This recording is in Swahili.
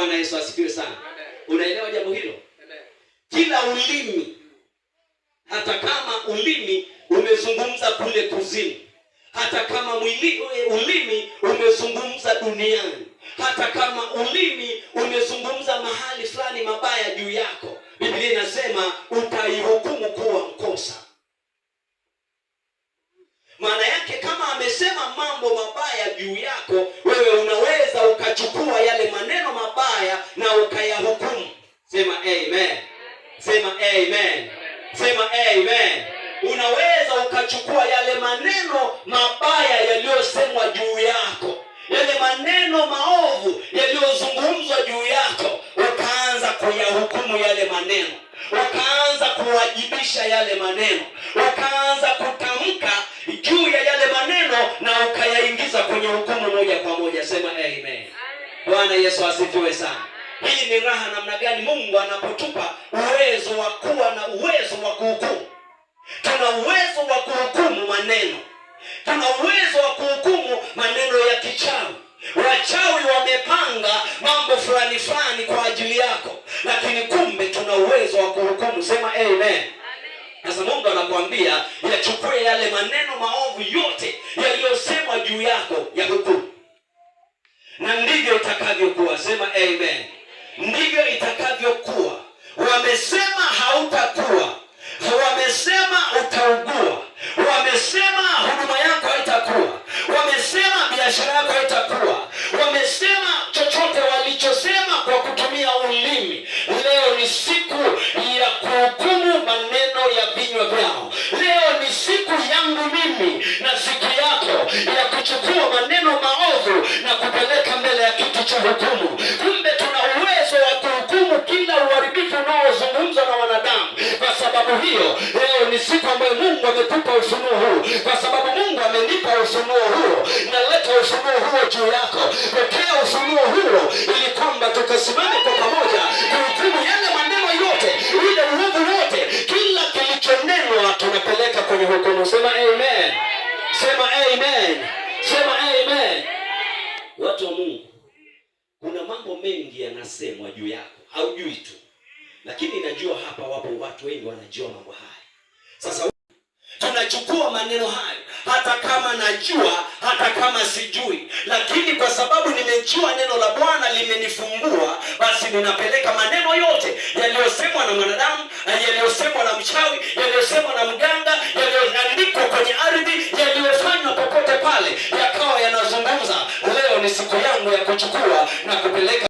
Bwana Yesu asifiwe sana. Unaelewa jambo hilo? Kila ulimi, hata kama ulimi umezungumza kule kuzimu, hata kama mwili, eh, ulimi umezungumza duniani, hata kama ulimi umezungumza mahali fulani mabaya juu yako, Biblia inasema amen. Sema amen. Sema amen. Unaweza ukachukua yale maneno mabaya yaliyosemwa juu yako, yale maneno maovu yaliyozungumzwa juu yako, ukaanza kuyahukumu yale maneno, ukaanza kuwajibisha yale maneno, ukaanza kutamka juu ya yale maneno na ukayaingiza kwenye hukumu moja kwa moja. Sema amen. Bwana Yesu asifiwe sana. Hii ni raha namna gani Mungu anapotupa uwezo wa kuwa na uwezo wa kuhukumu. Tuna uwezo wa kuhukumu maneno, tuna uwezo wa kuhukumu maneno ya kichawi. Wachawi wamepanga mambo fulani fulani kwa ajili yako, lakini kumbe tuna uwezo wa kuhukumu. Sema amen. Sasa Mungu anakuambia yachukue yale maneno maovu yote yaliyosemwa juu yako ya hukumu, na ndivyo utakavyokuwa Sema amen ndivyo itakavyokuwa. Wamesema hautakuwa, wamesema utaugua, wamesema huduma yako haitakuwa, wamesema biashara yako haitakuwa, wamesema chochote walichosema kwa kutumia ulimi. Leo ni siku ya kuhukumu maneno ya vinywa vyao. Leo ni siku yangu mimi na siku yako ya kuchukua maneno maovu na kupeleka mbele ya kiti cha hukumu. sababu hiyo eh, ni siku ambayo Mungu ametupa ufunuo huu, kwa sababu Mungu amenipa ufunuo huo, naleta ufunuo huo juu yako. Pokea ufunuo huo, ili kwamba tukasimame kwa pamoja kuhukumu yale maneno yote, ile uovu wote, kila kilichonenwa tunapeleka kwenye hukumu. Sema amen, sema amen, sema amen. Watu wa Mungu, kuna mambo mengi yanasemwa juu yako, haujui tu. Lakini najua hapa wapo watu wengi wanajua mambo haya. Sasa tunachukua maneno hayo, hata kama najua, hata kama sijui, lakini kwa sababu nimejua neno la Bwana limenifungua, basi ninapeleka maneno yote yaliyosemwa na mwanadamu, yaliyosemwa na mchawi, yaliyosemwa na mganga, yaliyoandikwa kwenye ardhi, yaliyofanywa popote pale, yakawa yanazungumza. Leo ni siku yangu ya kuchukua na kupeleka